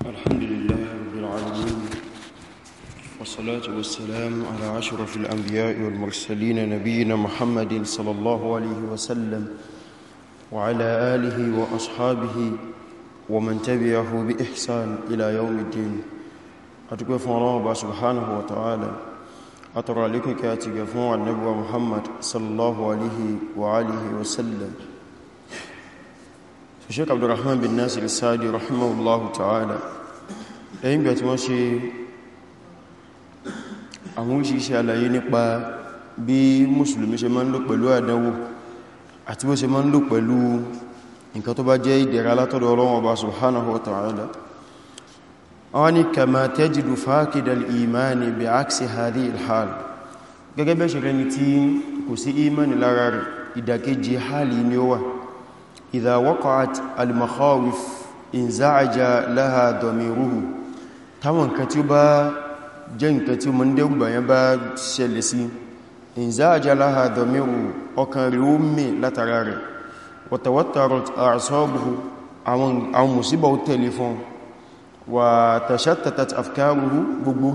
الحمد لله رب العالمين والصلاة والسلام على أشرف الأنبياء والمرسلين نبينا محمد صلى الله عليه وسلم وعلى آله وأصحابه ومن تبعه بإحسان إلى يوم الدين أتكفى الله سبحانه وتعالى أترى لكم كاتب فوع النبوة محمد صلى الله عليه وآله وسلم sheik abdurrahman bin nasir sadi rahimahullahu ta'ala ẹ̀yìn bí i tí wọ́n ṣe àwọn òṣìṣẹ́ àlàyé nípa bí mùsùlùmí ṣe máa ń lò pẹ̀lú àdánwò àti bó ṣe máa ń lò pẹ̀lú nǹkan tó bá jẹ́ ìdẹ̀ra látọ̀dọ̀ Ọlọ́run Ọba subhanahu wa ta'ala àwọn ni إذا وقعت المخاوف inzáàjá láha dọ̀míruhu táwọn nǹkan tí ó bá jẹ́ nǹkan tí ó mọ́ ndẹ́gbà yẹn bá ṣẹlẹ̀ sí inzáàjá láha dọ̀míruhu ọkàn rí ó mẹ́ látara rẹ̀ wàtàwàtàrọ̀ àṣọ́bùhù àwọn mùsíbà ó tẹ̀lé fún wà tàṣàtàtà afkaruhu gbogbo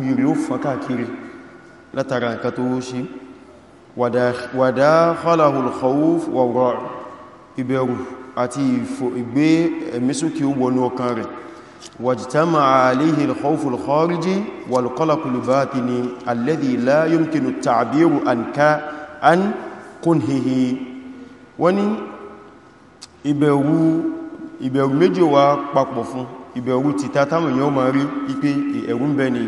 wàdá khalahul khawf wà ìbẹ̀rù àti ìgbé ẹ̀mísókè wọnú ọkàn rẹ̀ wàjítàmà alayhi al-khawful khariji wal qalaqul batini alladhi la yumkinu at-ta'biru àǹká an kunhihi wọ́n ni ìbẹ̀rù méjì wá papọ̀ fún ìbẹ̀rù ti tátàmù yóò máa rí ipé ẹ̀rù ń ni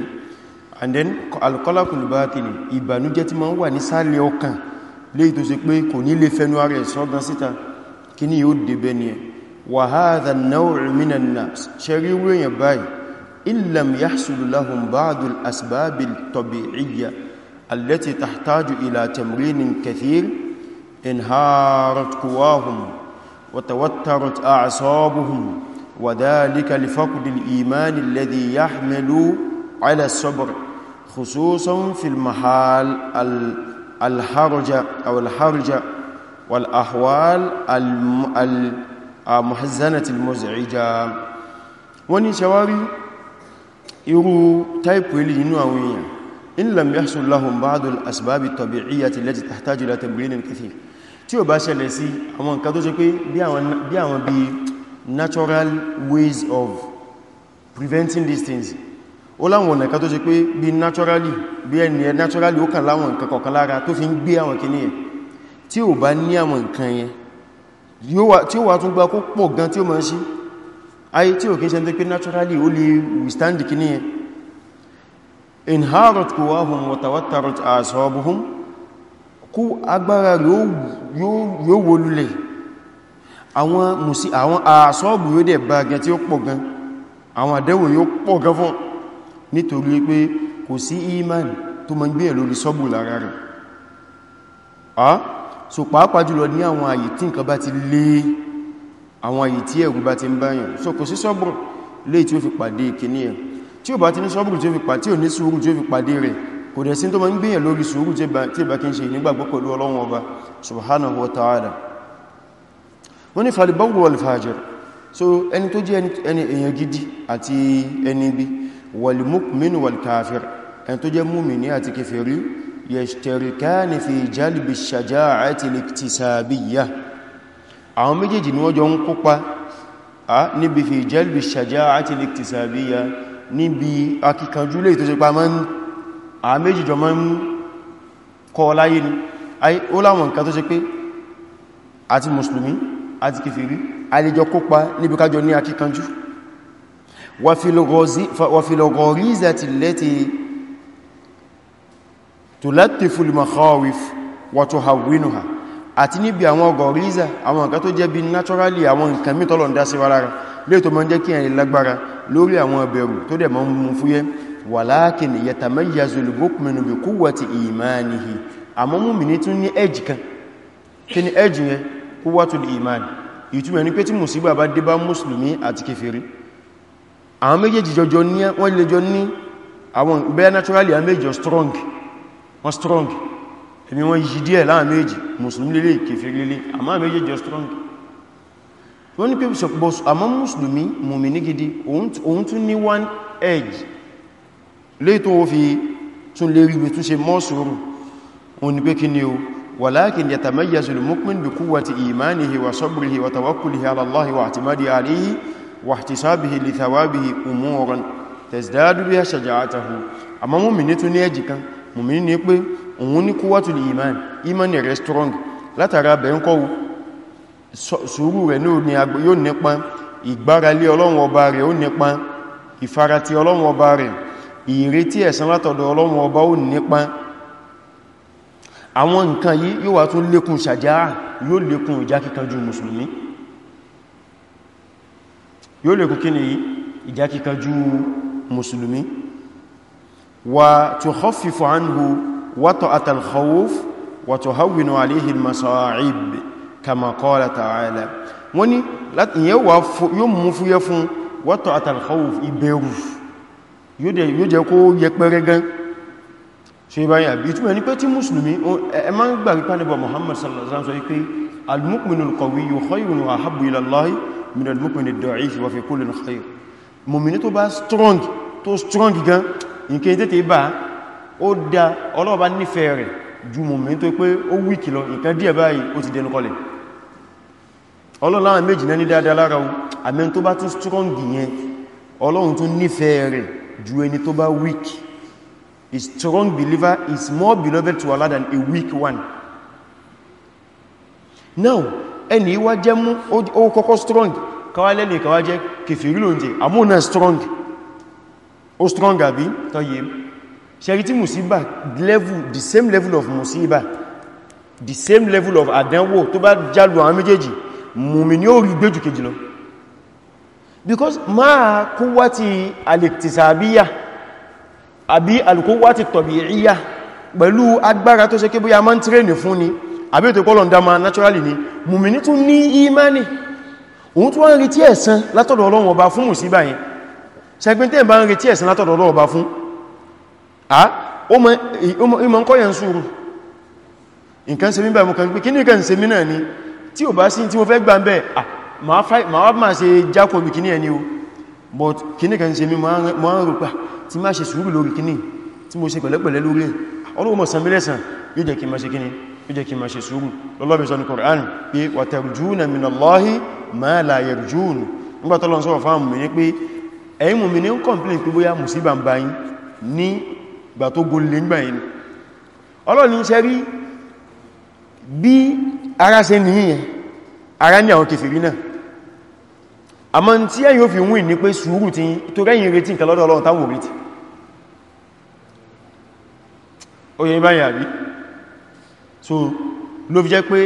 and then al-qalaqul batini ìbànújẹ́ ti máa wà ní sálẹ̀ ọkàn léyìí tó ṣe pé kò ní lè fẹnu ara ẹ̀ síta kíní yóò débẹ̀ ni ẹ̀ wa hadha an-naw' min an-nas ṣẹ̀rí wíyàn báyìí illam yahsul lahum ba'du al-asbab al-tabi'iyya allati tahtaju ila tamrinin kathir inharat quwahum wa tawattarat a'sabuhum wa dhalika li faqd al-iman alladhi yahmilu ala sabr khususan fi al-mahal al-harja aw al-harja al mahal al harja aw al harja والأحوال المحزنة المزعجة wọ́n ní ṣẹwárí irú táìpù ilé inú àwọn èèyàn in lam yahsul lahum ba'd al-asbab at-tabi'iyyah allati tahtaju ila tabyin kathir tí ó bá ṣẹlẹ̀ sí àwọn nǹkan tó ṣe pé bí àwọn bí natural ways of preventing these things ó láwọn ọ̀nà kan tó ṣe pé bí naturally bí ẹni naturally ó kàn láwọn nǹkan kọ̀kan lára tó fi ń gbé àwọn kìníyàn tí ó bá ní àwọn nǹkan yẹn tí ó wà tún gbá kó pọ̀ gan tí ó máa sí ayé tí ó kí ń ṣe tó pé naturally ó lè withstand kìíní yẹn inharat quwahum wa tawattarat asabuhum kú agbára yóò wó lulẹ̀ àwọn musi àwọn àṣọ́bù yóò dẹ̀ bá gan tí ó pọ̀ gan àwọn àdẹ́wò yóò pọ̀ gan fún nítorí pé kò sí iman tó so pàápàá jùlọ ní àwọn àyè tí nǹkan bá ti lé àwọn àyè tí ẹ̀rù bá ti ń báyàn so kò sí sọ́bùrù lè tí ó fi pàdé kìíní ẹ̀ tí ó bá ti ní sọ́bùrù tí ó fi pàdé tí ó ní sùúrù tí ó fi pàdé rẹ̀ kò dẹ̀ sí tó ma ń gbìyàn lórí sùúrù tí ìbá kí ń ṣe nígbàgbọ́ pẹ̀lú Ọlọ́run ọba subhanahu wa ta'ala wọ́n ni falibawu wal fajir so ẹni tó jẹ́ ẹni èèyàn gidi àti ẹni bí wal mukmin wal kafir ẹni tó jẹ́ mùmìnì àti kèfèrí yashtarikani fi jalbi shaja'ati liktisabiyya àwọn méjèèjì ni wọ́n jọ ń kópa a níbi fi jalbi shaja'ati liktisabiyya níbi akíkanjú lè tó ṣe pa mọ́ àwọn méjì jọ mọ́ ń kọ́ láyé ni ó láwọn nǹkan tó ṣe pé àti mùsùlùmí àti kìfìrí àlejò kópa níbi kájọ ní akíkanjú wa fil ghoriza tulattifu al-makhawif wa tuhawwinuha àti níbi àwọn gọ̀ríza àwọn nǹkan tó jẹ́ bí naturally àwọn nǹkan mítọ́lọ̀ ń dá sí wa lára lè tó mọ́ jẹ́ kí ẹ̀yìn lágbára lórí àwọn ẹbẹ̀rù tó dẹ̀ mọ́ mú fúyẹ́ walakin yatamayyazu al-mu'minu bi quwwati imanihi àmọ́ mùmínì tún ní ẹ̀jì kan kí ni ẹ̀jì yẹn quwwatul iman ìtumọ̀ ní pé tí mùsíbà bá dé bá mùsùlùmí àti kèfèrí àwọn méjèèjì jọjọ ní wọ́n lè jọ ní àwọn bẹ́ẹ̀ naturally àwọn méjèèjì strong wọ́n strong ẹni wọ́n yìí díẹ̀ láàá méjì mùsùlùmí lélẹ̀ kèfèrí lélẹ̀ àmá méjì jọ strong wọ́n ní pẹ́bù sọpọ̀ àmọ́ mùsùlùmí mùmí ní gidi òun tún ní one edge léètò fi tún lè rí tún ṣe mọ́ sùúrù òun ni pé kí ni o walakin yatamayyazu al-mu'min bi quwwati imanihi wa sabrihi wa tawakkulihi ala Allahi wa i'timadi alayhi mùmínì ni pé òun ní quwwatul iman iman rẹ̀ strong látara bẹ̀ ń kọ́ sùúrù rẹ̀ yóò nípa ìgbáralé ọlọ́run ọba rẹ̀ ó nípa ìfaratí ọlọ́run ọba rẹ̀ ìrètí ẹ̀san látọ̀dọ̀ ọlọ́run ọba ó nípa àwọn nǹkan yìí yóò wá tún lékún ṣàjáà yóò lékún ìjà kíkanjú mùsùlùmí yóò lékún وتخفف عنه وطأة الخوف وتهون عليه المصاعب كما قال تعالى wani yóò mú fúyẹ́ fún wọ́tọ̀ àtàlkhawuf ìbẹ̀rù yóò jẹ́ kó yẹ pẹ́rẹ́ gan ṣe báyìí àbí ìtumọ̀ ní pé tí mùsùlùmí ẹ ma ń gbà rí pánibà Muhammad sallallahu alaihi wasallam sọ wípé al-mu'minul qawiyyu khayrun wa ahabbu ila Allahi min al-mu'minid da'if wa fi kullin nke tètè bá ó dá ọlọ́ọ̀bá nífẹ̀ẹ́ rẹ̀ ju mùmí tó pé ó wíkì lọ nǹkan díẹ̀ báyìí ó ti dẹnu kọlẹ̀ ọlọ́láwọn méjì náà ní dáadáa lára ohun àmẹ́ tó bá tún strong yẹn ọlọ́run tún nífẹ̀ẹ́ rẹ̀ ju ẹni tó bá weak a strong believer is more beloved to Allah than a weak one now ẹni wá jẹ́ mú ó kọ́kọ́ strong káwálẹ́ni káwá jẹ́ kèfèrí lóúnjẹ àmúnà strong ó strong àbí tọ́yẹ ṣẹ́rí tí musiba level the same level of musiba the same level of àdánwò tó bá jálù àwọn méjèèjì mùmí ní ó rí gbéjù kejì lọ because máa quwwati al-iktisabiyya àbí al-quwwati at-tabi'iyya pẹ̀lú agbára tó ṣe kí bóyá máa ń tírẹ̀nì fún ni àbí ètò pọ́lọ̀ dáma naturally ni mùmí ní tún ní ìmánì òun tún wá ń rí tí ẹ̀san látọ̀dọ̀ Ọlọ́run ọba fún musiba yẹn sẹ́gbẹ́ tẹ́ bá ń retí ẹ̀sìn látọ̀dọ̀ ọlọ́run ọba fún à ó mọ́ ń kọ́yẹ̀ ń sùúrù nǹkan ṣe mí bá mú pé kí ní nǹkan ṣe mí náà ni tí ò bá sí tí mo fẹ́ gbà ń bẹ́ à máa wá máa ṣe jákòbì kí ní ẹni o but kí ní kan ṣe mí mo ń rò pa tí máa ṣe sùúrù lórí kí ní tí mo ṣe pẹ̀lẹ́pẹ̀lẹ́ lórí ọlọ́run mọ̀ san mí lẹ́san yóò jẹ́ kí máa ṣe kí ní yóò jẹ́ kí máa ṣe sùúrù lọ́lọ́bìn sọ ní Qur'an pé wàtẹ̀rùjúnà min Allahi ma la yarjun nígbàtọ́lọ́n sọ́wọ́ fáwọn mìí pé ẹ̀yin mùmí ní ń complain pé bóyá mùsíbà ń bá yín ní ìgbà tó gúnlé ń gbà yín ọlọ́ni iṣẹ́ rí bí ara ṣe nìyẹn ara ní àwọn kèfèrí náà àmọ́ tí ẹ̀yin ò fi wín ní pé sùúrù ti tó rẹ́yìn retí nǹkan lọ́dọ̀ Ọlọ́run táwọn retí so ló fi jẹ́ pé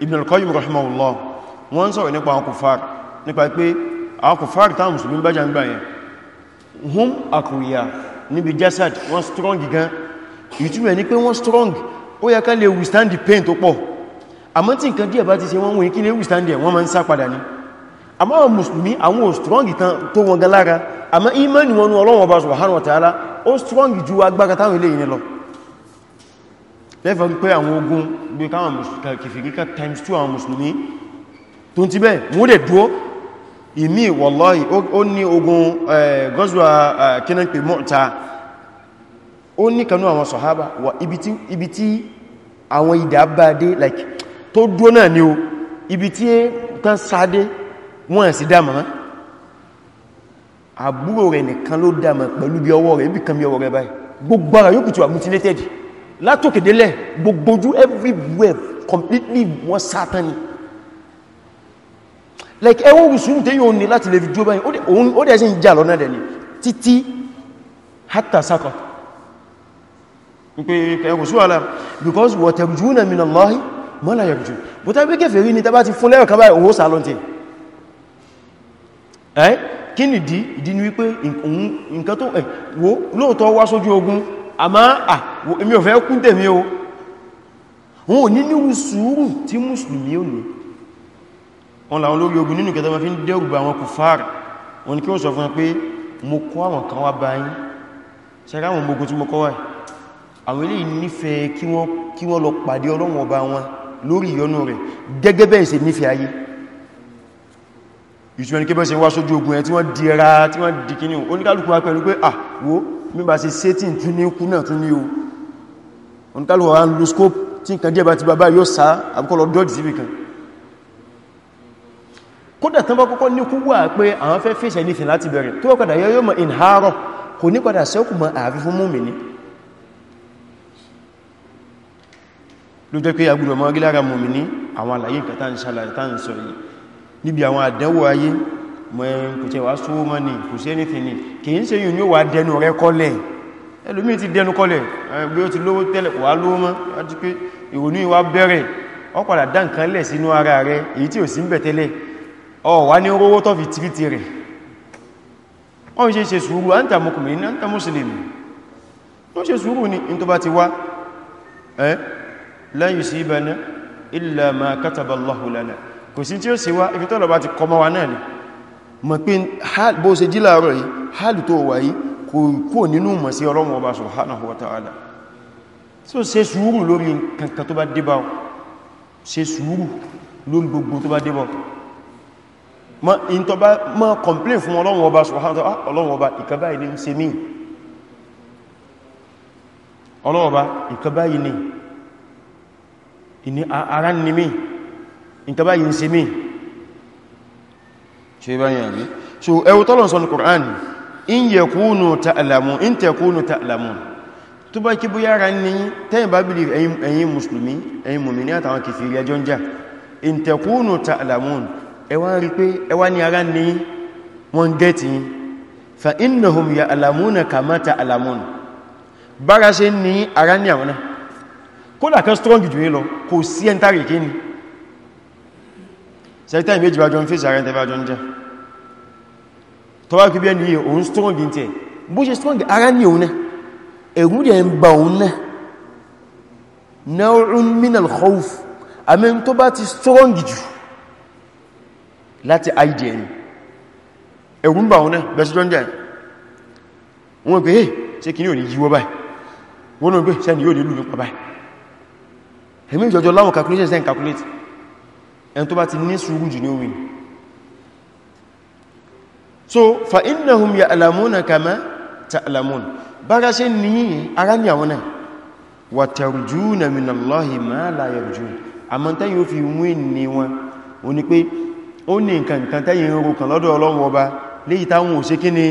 Ibn al-Qayyim rahimahullah wọ́n sọ̀rọ̀ nípa àwọn kùfàr nípa pé àwọn hum akùyà níbi jasad wọ́n strong gan ìtumẹ̀ ní pé wọ́n strong ó yẹ ká lè withstand the pain tó pọ̀ àmọ́ tí nǹkan díẹ̀ bá ti ṣe wọ́n wọ́n kí lè withstand ẹ̀ wọ́n ma ń sá padà ní àmọ́ àwọn mùsùlùmí àwọn ò strong tán tó wọn gan lára àmọ́ imani wọn Ọlọ́hun Ọba subhanahu wa strong ju agbára táwọn ilé yìí lọ lẹ́fẹ́ pé àwọn ogun bí káwọn kìfìríkà times 2 àwọn mùsùlùmí tó ìmí wallahi ó ní ogun gọ́zùwà kínánpé Mu'ta ó ní kanú àwọn sọ̀hábà wà ibi tí àwọn ìdá bá dé like tó dúó náà ni o ibi tí tán sáadé wọ́n sí dámà àbúrò rẹ̀ nìkan ló dámà pẹ̀lú bí ọwọ́ rẹ̀ ibi kan bí ọwọ́ rẹ̀ báyìí gbogbo completely wọ́n sátán like ẹwọ́n wùsùn tí yóò ní láti lè fi jó báyìí ó dẹ̀ sí ń jà lọ́nà dẹ̀ ní títí hátà sákọ̀ because wa tarjuna min Allahi ma la yarjun bó tàbí kèfèrí ní tàbá ti fún lẹ́rọ̀ kábáyì owó sàálọ́ntì ẹ́ kí ni dí ìdí ni wípé nǹkan tó ẹ̀ wo lóòtọ́ wá sójú ogun àmá à èmi ò fẹ́ kún tèmi o wọn ò ní níwú sùúrù tí mùsùlùmí ò ní wọn làwọn lórí ogun nínú kẹta ma fi ń dẹ́rùbà àwọn kùfààrì wọn ni kí wọ́n sọ fún pé mo kó àwọn kan wá bá yín ṣẹ́rá àwọn ogun tí mo kọ́ wà àwọn ilé nífẹ̀ẹ́ kí wọ́n lọ pàdé ọlọ́wọ̀n ọba wọn lórí ìyọnú rẹ̀ gẹ́gẹ́ bẹ́ẹ̀ ṣe nífẹ̀ẹ́ ayé ìṣúwẹ́ni kébẹ́ ṣe wá sójú ogun ẹ tí wọ́n di ẹra tí wọ́n di kíní oníkálùkù wá pẹ̀lú pé à ah, wo mímbà sí sétìn kódà tán bá kọ́kọ́ ní kúwà pé àwọn fẹ́ fèsì anything láti bẹ̀rẹ̀ tó ọkọ̀dà yọ yọ mọ̀ inhárọ̀ kò ní padà sẹ́kù mọ̀ ààrí fún múmi ní ló jẹ́ pé agbúrò mọ́ rí lára múmi ní àwọn àlàyé nǹkan tán ṣàlàyé tán sọ yìí níbi àwọn àdánwò ayé mọ́ kò tẹ́ wá sówó mọ́ ní kò sí anything ní kì í ṣe yìí ni ó wà dẹnu rẹ kọ́lẹ̀ ẹlòmí ti dẹnu kọ́lẹ̀ bí ó ti lówó tẹ́lẹ̀ wà lówó mọ́ àti pé ìrònú ìwà bẹ̀rẹ̀ ó padà dá nǹkan lẹ̀ sínú ara rẹ̀ èyí tí ò sí ń bẹ̀ tẹ́lẹ̀ ọ̀wà ní owó tó fi tìrìtì rẹ̀ wọ́n ṣe ṣe sùúrù àǹtà mọ́kùnmí ní àǹtà mùsùlùmí wọ́n ṣe sùúrù ní in tó bá ti wá ẹ́ lan yusibana illa ma kataba Allahu lana kò sí tí ó sì wá ibi tó lọ́bá ti kọmọ wa náà ni mọ̀ pé bó ṣe jí láàárọ̀ yìí hálù tó wà yìí kò kò nínú mọ̀ sí Ọlọ́run Ọba subhanahu wa ta'ala so ṣe sùúrù lórí kankan tó bá ma in tó bá ma complain fún Ọlọ́run Ọba subhanahu ah Ọlọ́run Ọba ìkan báyìí ni ń ṣe mí Ọlọ́run Ọba ìkan báyìí ni ìní ara ni mí ìkan báyìí ń ṣe mí ṣe báyìí àbí so ẹwù tọ́lọ̀n sọ ní Qur'an in yakunu ta'lamun in takunu ta'lamun tó bá kí bóyá ara ní tẹ́yìn bá bìlì ẹ̀yin mùsùlùmí ẹ̀yin mùmí ní àtàwọn kìfìrí ẹjọ́ ń jà in takunu ta'lamun ẹwà rí pé ẹwà ní ara ní wọ́n gẹ́ẹ̀tì yìí fa innahum ya alamuna kamata alamuna bára ṣe ní ara ní àwọn náà kódà kan strong jù yí lọ kò sí ẹntàrí kí ni sẹ́tà ìméjì bájọ́ ń fèsì ara ẹntẹ́ bájọ́ ń jẹ́ tọ́wà kí bí ẹni yìí òun strong ní tẹ́ bó ṣe strong ara ní òun náà ẹ̀gún dẹ̀ ń ba òun náà náà rún min al khawf tó bá ti strong jù láti idn ẹ̀rùn bà wọn náà bẹ̀sí tó ń jẹ́ wọn pé ṣe kí ní òní yíwọ́ báyìí wọn náà pé ṣe ni yóò nílù nípa báyìí ẹ̀mí ìjọjọ láwọn calculation sẹ́n calculate ẹn tó bá ti ní sùúrù jù ní orin so fa innahum ya'lamuna kama ta'lamun bára ṣe níyìn ara ní àwọn náà wa tarjuna minallahi ma la yarjun àmọ́ tẹ́yìn ó fi wé ní wọn ó ní pé ó ní nǹkan nǹkan tẹ́yìn ń rokan lọ́dọ̀ ọlọ́run ọba léyìí táwọn ò ṣe kí ni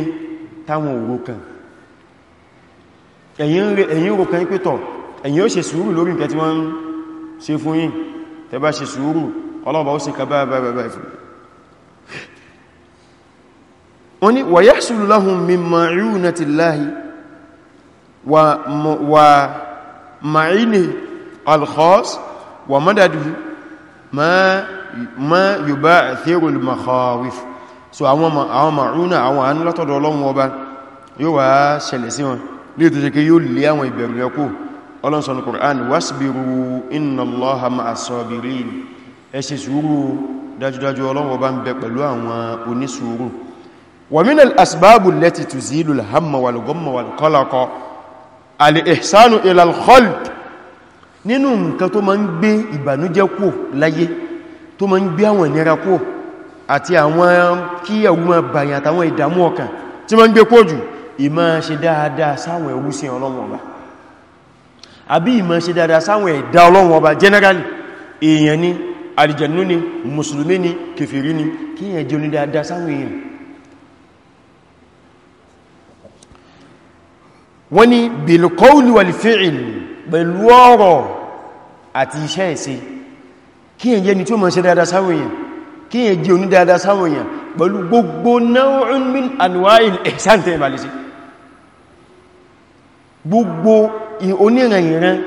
táwọn ò rokan ẹ̀yin rokan pé tọ̀ ẹ̀yin ó ṣe sùúrù lórí nǹkan tí wọ́n ń ṣe fún yín tẹ́ bá ṣe sùúrù ọlọ́ọ̀bá ó ma'ini al-khass wa madadihi ma ma yubathiru al-makhawif so àwọn àwọn ma'una àwọn anu látọ̀dọ̀ Ọlọ́hun Ọba yó wá ṣẹlẹ̀ sí wọn le tó jẹ́ ke yó lé àwọn ìbẹ̀rù le ko Ọlọ́hun sọ ní Qur'an wasbiru inna Allaha ma'as sabirin ẹ ṣe sùúrù dájú dájú Ọlọ́hun Ọba ń bẹ pẹ̀lú àwọn oní sùúrù wa min ma ń gbé ìbànújẹ́ kù láyé tó ma ń gbé àwọn ìnira kó àti àwọn kí ẹ̀wùmọ̀ bàyàn àtàwọn ìdàmú ọkàn tí ma ń gbé kó jù ìmá ṣe dáadáa sáwọn ẹ̀wú sí Ọlọ́run Ọba àbí ìmá ṣe dáadáa sáwọn ẹ̀dá Ọlọ́run Ọba generally èèyàn ni àlìjànnú ni mùsùlùmí ni kèfèrí ni kí èèyàn jẹ́ oní dáadáa sáwọn èèyàn wọ́n ni bil qawli wal fi'l pẹ̀lú ọ̀rọ̀ àti iṣẹ́ ìṣe kí èyẹ ni tí ó mọ̀ ṣe dáadáa sáwọn èèyàn kí èyẹ jẹ́ oní dáadáa sáwọn èèyàn pẹ̀lú gbogbo náwọ̀n min anwa'il ihsan tẹ́ ìbàlẹ̀ sí gbogbo oníranìran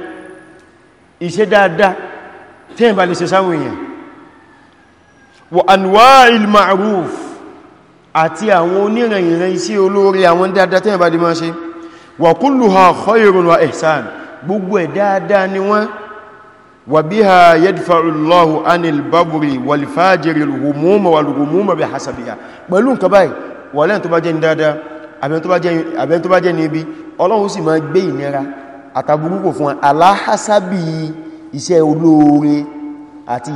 iṣẹ́ dáadáa tẹ́ ìbàlẹ̀ sí sáwọn èèyàn wa anwa'il ma'ruf àti àwọn وبها يدفع الله عن الببر والفاجر الهموم والغموم بحسبها pẹ̀lú nǹkan báyìí wale tó bá jẹ́ ní dáadáa àbí tó bá jẹ́ àbí tó bá jẹ́ ní ibi Ọlọ́hun sì máa gbé ìnira ataburú kò fún ala hasabi iṣẹ́ olóore àti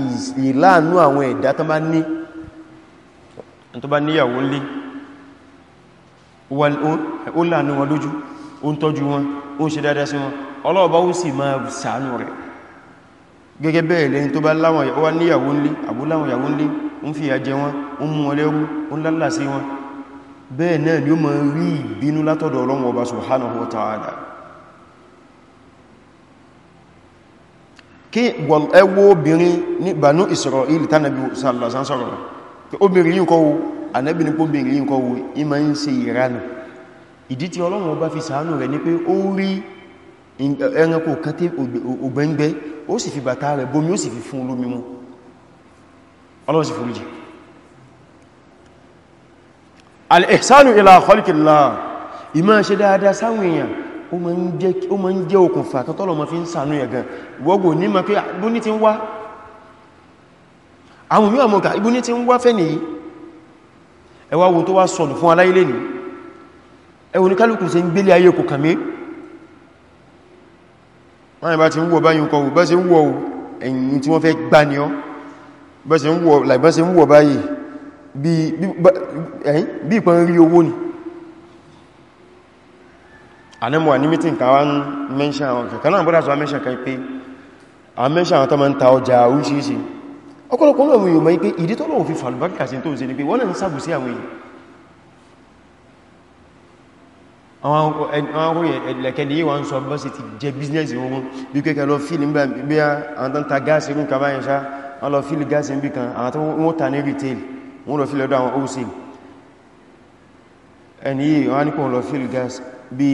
ìlànú àwọn ẹ̀dá tó bá ní tó bá sì máa ṣàánú rẹ̀ gẹ́gẹ́ bẹ́ẹ̀ lẹ́yìn tó bá láwọn ó wá níyàwó ńlé àbúláwọn ìyàwó ńlé ń fi ìyà jẹ wọn ń mú ọlẹ́rú ń lálà sí wọn bẹ́ẹ̀ náà ni ó máa rí ìbínú látọ̀dọ̀ Ọlọ́run Ọba subhanahu wa Banu Isra'il tánàbí sàlọ̀sán sọ̀rọ̀ obìnrin yínkọ́ wo Ànábì ní obìnrin yínkọ́ wo ìmá ń ṣe ìranù ìdí tí Ọlọ́run Ọba fi ṣàánú rẹ̀ ó sì fi bàtà rẹ̀ bómi ó sì fi fún olómi mú ọlọ́run sì fún jì al-ihsanu ila khalqillah ìmá ṣe dáadáa sáwọn èèyàn ó ma ń jẹ́ okùnfà tọ́tọ́lọ̀ ma fi ń sànú ẹ̀gàn wọ́gbò ní ma pé ah, ibú ní ti ń wá àwọn mí àmọ́gà ibú ní ti ń wá fẹ́ nìyí ẹwà wo tó wá sọ̀nù fún aláìlé ní ẹwà oníkálùkù ṣe ń gbélé ayé kò kàmí wọ́n bá ti ń wọ báyìí kọwù bá ṣe ń wọ ẹ̀yìn tí wọ́n fẹ́ gbá ní ọ́ bá ṣe ń wọ báyìí bí ìpọn rí owó ni anẹ́mọ̀wà ní mítìn kan wá ń àwọn kẹ̀kẹ́ náà bọ́dá sọ mẹ́ṣà kan pé a mẹ́ṣà àwọn tó ma ń ta ọjà oríṣìíṣìí ọkọ̀lọpọ̀ náà wọ́n yóò àwọn aróyìn ẹ̀lẹ̀kẹ́ni yíwa ń sọ bọ́ sí ti jẹ bíznẹ́sì ogun bí kẹ́kẹ́ lọ fíìlì bí i àwọn tó ń ta gáàsì rún kàbá yẹn ṣá wọ́n lọ fíìlì gáàsì ń bí ẹni yìí ní kò lọ fíìlì gáàsì bí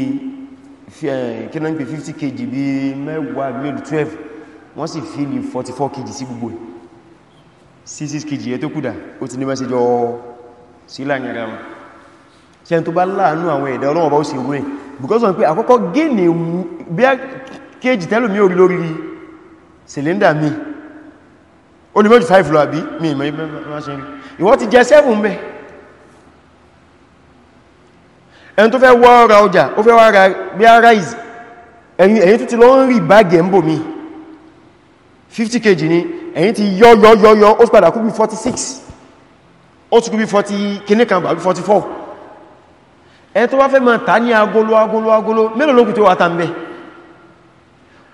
kínan pé 50 kg bí mẹ́wàá mẹ́lù 12 wọ́n sì fíìlì 44 kg sí gbogbo 66 kg ẹ tó kùdà ó ti ní mẹ́sẹ̀jọ sí láàrin ara wọn ṣe tó bá láàánú àwọn ẹ̀dá ọlọ́wọ́ bá ó sì rúrẹ̀ because wọn pé àkọ́kọ́ gíní bí a kéjì tẹ́lù mí orí lórí cylinder mi ó ní mọ́jù 5 lọ àbí mi ìmọ̀ ìwọ́n ti jẹ 7 bẹ́ ẹni tó fẹ́ wọ́ ra ọjà ó fẹ́ wá ra bí a rise ẹ̀yìn tó ti lọ ń rí báàgì ẹ̀ ń bò mí 50 kg ni ẹ̀yìn ti yọ́ yọ́ yọ́ yọ́ ó sì padà kú bí 46 ó sì kú bí 40 kìnnìkan bàbí 44 ẹ tó wá fẹ́ ma ta ní agolo agolo agolo mélòó lókù tí ó wá ta ń bẹ́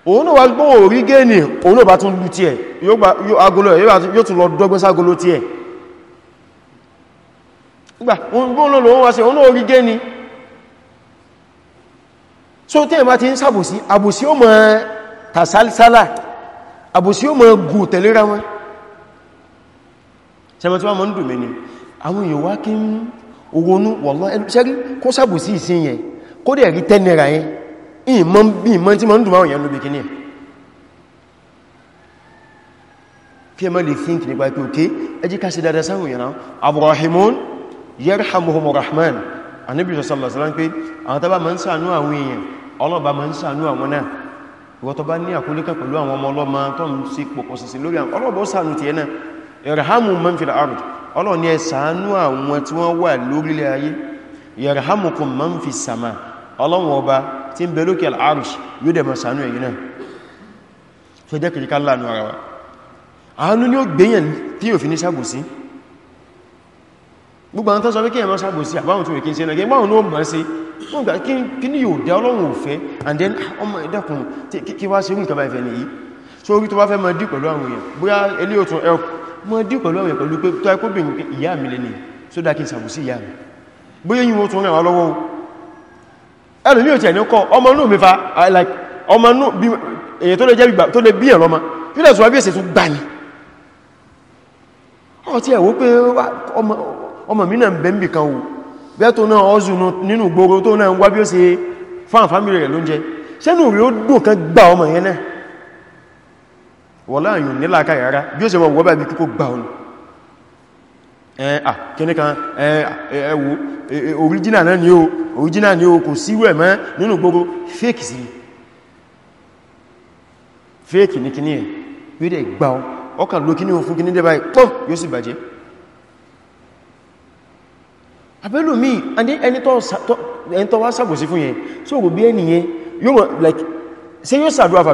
òun náà wá gbọ́ orí gẹ́ẹ̀nì òun náà bá tún lú tí ẹ̀ yóò agolo ẹ̀ yóò tún lọ dọ́gbẹ́ ságolo tí ẹ̀ gbà òun náà lòun wá sí òun náà orí gẹ́ẹ̀nì so tí ẹ̀má ti ń sàbòsí àbòsí ó mọ̀ tàṣálà àbòsí ó mọ̀ gùn tẹ̀léra wọn sẹ́mọ̀ tí wọ́n mọ̀ ń dùn mẹ́ni àwọn èèyàn wá kí ń ronú wọ̀lọ́ ẹnu ṣẹ́rí kó sàbò sí ìsin yẹn kó dẹ̀ rí tẹ́nira yẹn ìmọ̀ bí ìmọ̀ tí ma ń dùnmọ́ òyìn lóbi kìíní kí ẹ mọ́ lè think nípa pé òkè ẹjí ká sí dada sáwọn yẹn abrahimun yarhamuhumur rahman Ànábì sallallahu alaihi wasallam pé àwọn tàbá ma ń ṣàánú àwọn èèyàn ọlọ́ba ma ń ṣàánú àwọn náà ìwọ tó bá ní àkólíkà pẹ̀lú àwọn ọmọ ọlọ́mọ tó ń sí pọ̀pọ̀ sí lórí àwọn ọlọ́bọ̀ ṣàánú tiẹ̀ náà irhamu man fil ard ọlọ́run ni ẹ ṣàánú àwọn tí wọ́n wà lórílẹ̀ ayé yarhamukum man fi sama ọlọ́run ọba tí ń bẹ lókè al'arsh yóò dẹ̀ máa ṣàánú ẹ̀yin náà tó jẹ́ kìríkà láàánú ara wa àánú ni ó gbéyàn tí yóò fi ní ṣàgbòsí gbogbo àwọn tó sọ and then ah, ọmọ ìdẹ́kùn kí wá ṣe ń kàbà ìfẹ́ nìyí so orí tó wá fẹ́ máa dí pẹ̀lú àwọn èèyàn help mọ́ dí pẹ̀lú àwọn pẹ̀lú pé tó ẹkùnbìnrin ìyá mi lè ní so dákí ìsàbùsí ìyá mi bóyá yíò tún rẹ̀ wá lọ́wọ́ ẹ̀rù ní òtẹ̀ ní kọ́ ọmọ inú mi fa like ọmọ inú èyàn tó lè jẹ́ gbà tó lè bí ẹ̀rọ ma yóò lè sọ́wọ́ bí ẹ̀sẹ̀ tún gbà ní ọ tí ẹ̀wọ́ pé ọmọ mi náà bẹ̀ ń bì kan wò bẹ́ẹ̀ tó náà ọ́zù nínú gbogbo tó náà wá bí ó ṣe fáwọn fámílì rẹ̀ lóúnjẹ wọ́lá yìí nílá káyà rárá bí ó ṣe wọ́n wọ́bá ibi kíkó gbà ọ̀nà ẹ̀à kíní kan original náà ni ó original ni ó kò síwú mẹ́ nínú gbogbo fake sí fake ní kíní ẹ̀ yóò dẹ̀ gbà ọ ọkà ló kíní fún kíní dẹ́bà pọ́m yóò sì bàjẹ́ so gbogbo ẹni like ṣe yóò sàdúrà fà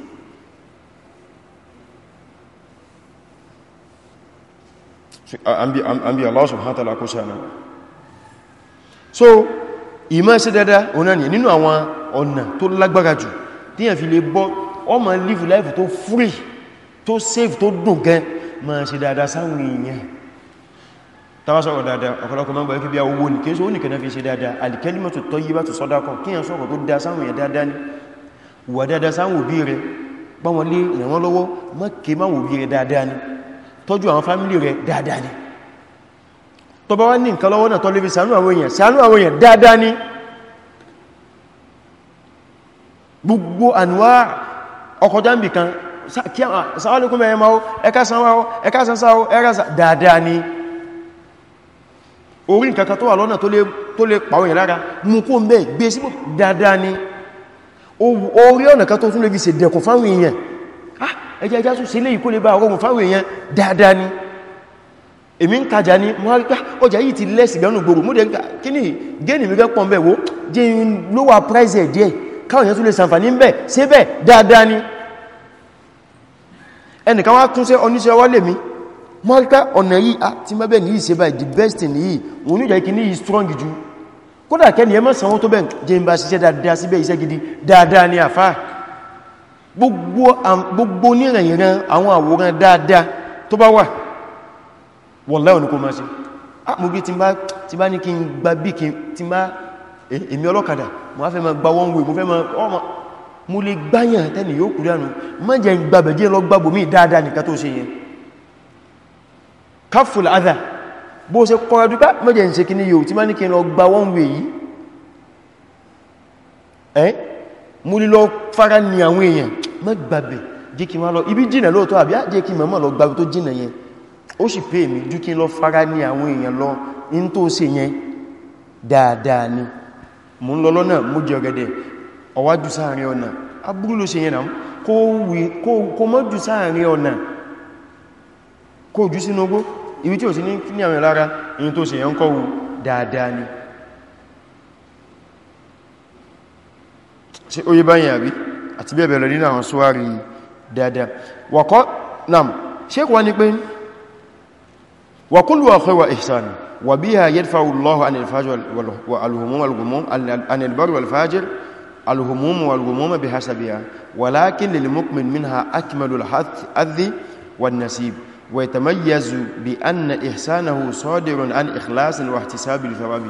an bí Allah subhanahu wa ta'ala kó sànà so ìmọ̀ sí dada ọ̀nà ni nínú àwọn ọ̀nà tó lágbára jù tí yàn fi lè bọ́ ọ ma live life to free tó safe tó dùn gan ma ṣe dada sáwọn èèyàn tàbá sọ̀rọ̀ dada ọ̀pọ̀lọpọ̀ mọ́gbà ikú bí i owó ní kí So ní kẹ́nà fi ṣe dada al-kalimatu tayyibatu sadaqa kí yàn sọ̀rọ̀ tó dá sáwọn èèyàn dada ni wà dada sáwọn òbí rẹ̀ pàwọn lé ìrànlọ́wọ́ mọ́kè máwọn òbí rẹ̀ dada ni tọ́jú àwọn fámílì rẹ̀ dáadáa ni tó bá wá ní nǹkan lọ́wọ́ náà tó lè fi ṣàánú àwọn èèyàn ṣàánú àwọn èèyàn dáadáa ni gbogbo ànúwà ọkọjá ń bì kan sáwálùkún mẹ́rin máa ẹka sanwáwọ́ ẹka sansáwọ́ ẹrasa dáadáa ni orí nǹkan tó wà lọ́nà tó lè pàwọn èèyàn ẹjẹ́ ẹjá sún sílé ìkó lè bá ọgọ́gùn fáwọn èèyàn dáadáa ni èmi ń tajà ní mo rí pé ah, ọjà yìí ti lẹ́sì gánú gbogbo mú dẹ̀ kí ní gẹ́nì mi gẹ́pọ̀ mẹ́ wo jẹ́ lówà price ẹ̀ díẹ̀ káwọn èèyàn tún lè sàǹfàní ń bẹ̀ sí bẹ̀ dáadáa ni ẹnìkan wá tún sẹ́ oníṣẹ́ ọwọ́ lè mi mo rí pé ah, ah, strong ju kódà kẹ́ni ẹ mọ́ sanwó tó bẹ̀ jẹ́ ń bá ṣiṣẹ́ dáadáa síbẹ̀ iṣẹ́ gidi dáadáa ni gbogbo nírẹ̀yìnrán àwọn àwòrán dáadáa tó bá wà wallahi ní kò máa ṣe àmúgbé ah, tí bá ní kí n gba bí kí tí bá e, èmi ọlọ́kadà mo fẹ́ ma gba one way mo fẹ́ ma ọmọ mo lè gbáyàn tẹ́ni yóò kú dánú má jẹ́ gbàbẹ̀jẹ́ lọ gbàbò mí dáadáa nìkan tó ṣe mú lílọ fara ní àwọn èèyàn mẹ́gbàgbẹ̀ jẹ́ kí máa lọ ibi jìnà lóòtọ́ àbí jẹ́ kí lọ gbàgbẹ̀ tó jìnà yẹn ó sì pé èmì jú kí lọ fara ní àwọn èèyàn lọ in tó se yẹn dáadáa ni mú lọ lọ́nà mú jẹ ọ̀gẹ̀dẹ̀ ọwájú sáàrin ọ̀nà ibi tí ó yé báyìí àbí àti bí ẹ̀bẹ̀rẹ̀ nínú àwọn sọ́wárí dáadáa wọ́kọ́ nam ṣékùwá ní pé wọ́kúlù ọ̀kọ́ wa ihsan wà bí ha yẹ́dfà Allahu anìlbáru alfajir alhumum walgumum bi hasabiha walakin lil mu'min minha akmalu al-hadhi wan nasib wa yatamayyazu bi anna ihsanahu sadirun an ikhlasin wa ihtisabin thawabi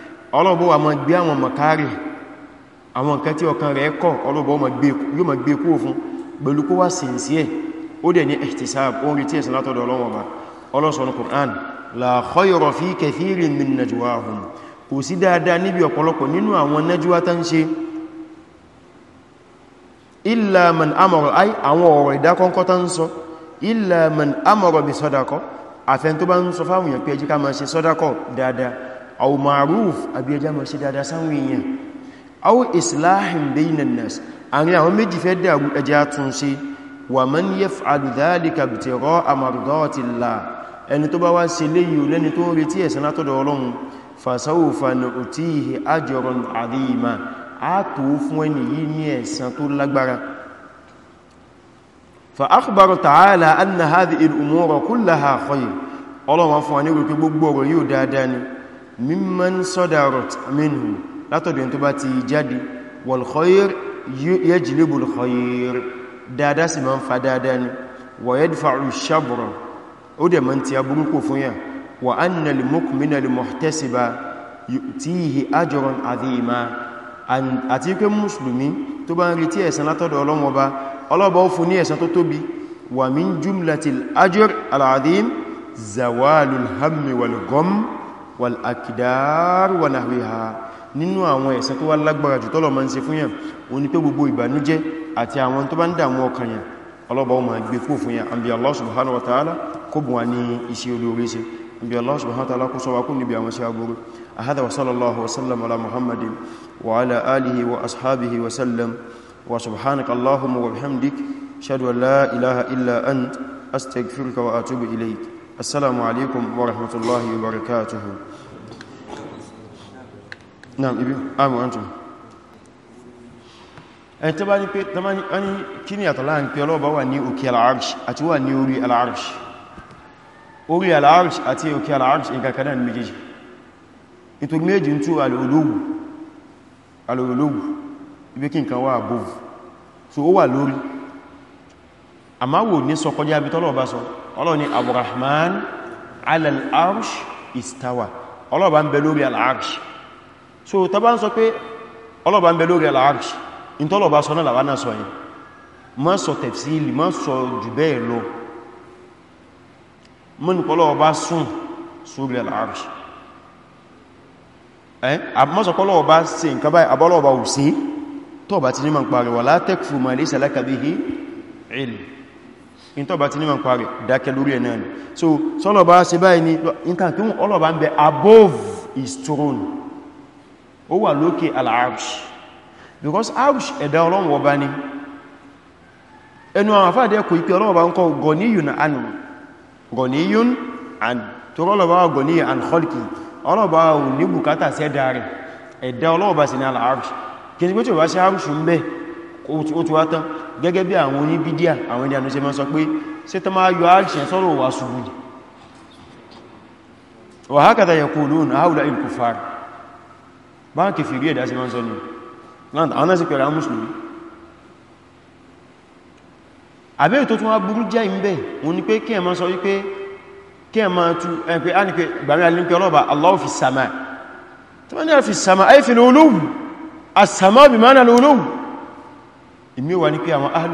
ọlọ́bọ̀ wà máa gbé àwọn makari àwọn nǹkan tí ọkàn rẹ̀ kọ̀ ọlọ́bọ̀ yóò máa gbé kúrò fún pẹ̀lú kó wá sincere ó dẹ̀ ní ihtisab ó rí tí ẹ̀sìn látọ̀dọ̀ Ọlọ́run bá ọlọ́sọ̀nà Qur'an la khayra fi kathirin min najwahum kò sí dáadáa níbi ọ̀pọ̀lọpọ̀ nínú àwọn najwa tán ṣe illa man amara ay àwọn ọ̀rọ̀ dáadáa aw ma'ruf àbí ẹjá mọ̀ sí dáadáa sáwọn èèyàn aw islahin bainan nas àrin àwọn méjì fẹ́ dàrú ẹjá tún ṣe wa man yaf'alu dhalika ibtigha'a mardatillah ẹni tó bá wá ṣe léyìí lẹ́ni tó ń retí ẹ̀san látọ̀dọ̀ Ọlọ́run fasawfa nu'tihi ajran 'azima a tó fún ẹni yìí ní ẹ̀san tó gbogbo ọ̀rọ̀ yóò dáadáa ni mimman sadarot minhu látọ̀dọ̀ tó bá ti jáde wal khair yajlibu al khair dáadáa sì máa ń fa dáadáa ni wa yadfa'u ash-shabra ó dẹ̀ máa ń ti aburú kò fún yà wa anna al mu'mina al muhtasiba yu'tihi ajran adhima àti pé mùsùlùmí tó bá ń retí ẹ̀san látọ̀dọ̀ Ọlọ́run Ọba fún ní ẹ̀san tó tóbi wa min jumlatil ajr al zawalul hammi wal gham wal akidar wa nahwiha nínú àwọn ẹ̀san tó wá lágbára jù tọ́lọ̀ ma ń ṣe fún yàn o ní pé gbogbo ìbànújẹ́ àti àwọn tó bá ń dàmú ọkàn yàn ọlọ́bà o ma gbé kó fún yàn àbí Allah subhanahu wa ta'ala kó bùn wa ní iṣẹ́ olóore ṣe àbí Allah subhanahu wa ta'ala kó sọ wa kó níbi àwọn ṣe agbóró ahada wa sallallahu wa sallam ala muhammadin wa ala alihi wa ashabihi wa sallam wa subhanaka allahumma wa bihamdik shadu la ilaha illa ant astaghfiruka wa atubu ilayk assalamu alaikum wa rahmatullahi wa náà ibi àmì ọ̀ntún ẹni tó bá ní pé tọ́mání kí ni àtọ̀lá ń pẹ ọlọ́ọ̀bá wà ní òkè al'arṣì àti wà ní orí al'arṣì orí al'arṣì àti òkè al'arṣì ìkàkàdà ní méjèèjì nítorí méjì ń tó alòrólówù ibi kí nǹkan wà above so ó wà lórí àmáwò ní sọ kọjá bí tọ́lọ̀ọ̀bá sọ ọlọ́ ni Abrahman alal arsh istawa ọlọ́ọ̀bá ń bẹ lórí al'arṣì so tó bá ń sọ pé ọlọ́ba ń bẹ lórí al'arṣì in tó lọ́ba sọ náà làwá náà sọ yìí má sọ tẹ̀fsílì má sọ jù bẹ́ẹ̀ lọ mọ́ ní pọ́lọ́ọba sùn sórí al'arṣì ẹ́ má sọ pọ́lọ́ọba ṣe nǹkan báyìí abọ́lọ́ọba ò sí tó bá ti ní ma wala takfu ma laysa laka bihi ilm in tó bá ti ní ma ń parí lórí ẹ̀ ni so sọ́lọ́ba ṣe báyìí ni nǹkan kí wọ́n ọlọ́ba ń bẹ above his throne ó wà lókè al-arsh because arsh ẹ̀dá ọlọ́run ọba ni ẹnu àwọn àfáàdẹ́ kò ipé ọlọ́run ọba ń kọ gọ̀níyùn àn gọ̀níyùn àn tó rọ́lọ́bá gọ̀níyùn àn khalqi ọlọ́ba ò ní bùkátà sẹ́dá rẹ̀ ẹ̀dá ọlọ́run ọba sì ní al-arsh kí ni pé tí ó bá sí arsh ń bẹ́ ó wa hakadha yaquluna haula il-kuffar báńkì fìrí ẹ̀dá sí ránṣọ́ ní àwọn sí pẹ̀lú mùsùlùmí àbẹ́rẹ̀ tó tún wá burú jẹ́ ìmúbẹ̀ wọn ni pé kí ẹ máa sọ wípé kí ẹ máa tú ẹ̀pẹ́ ánìpẹ́ gbàmí alìpẹ́ ọlọ́ba Allahu fi sàmà tí wọ́n ní fi sàmà ayífin olóòwù àsàmà bí máa nàlò olóòwù ìmí wà ní pé àwọn ahlu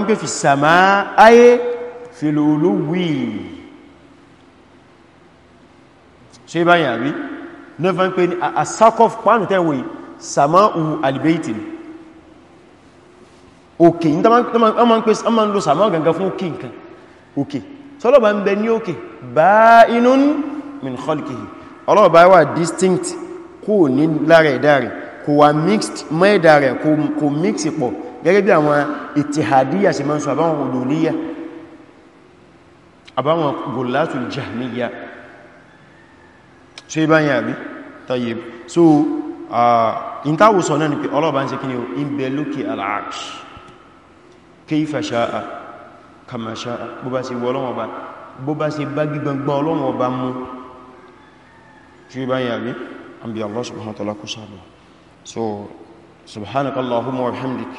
ní pé fi sàmà ayé fìlòlú wíì ṣe báyà rí nọ́fà ń pè ní àsákọ́f pánù tẹ́wò sàmáhù alìbẹ́ìtì òkè ní tàbí ń lo sàmáhù gangan fún òkè nǹkan òkè tọ́lọ̀bà ń bẹ ní òkè ba'inun min khalqihi ọlọ́ọ̀bá wà distinct kò ní lára ẹ̀dá rẹ̀ kò wà mixed mọ́ ẹ̀dá rẹ̀ kò mix pọ̀ gẹ́gẹ́ bí àwọn ìtìhàdíyà ṣe mọ́ sọ àbáwọn àbáwọn gòlátù jahmiya so ibá yà bí tayyib so in táwò sọ náà ni pé ọlọ́ọ̀bá ń ṣe kí ni o in bẹ lókè al'arsh kayfa sha'a kama sha'a bó bá ṣe wọ ọlọ́wọ̀n bá bó bá ṣe bá gbígbọ́n ọlọ́wọ̀n bá mú so ibá yà so subhanakallahumma wa bihamdika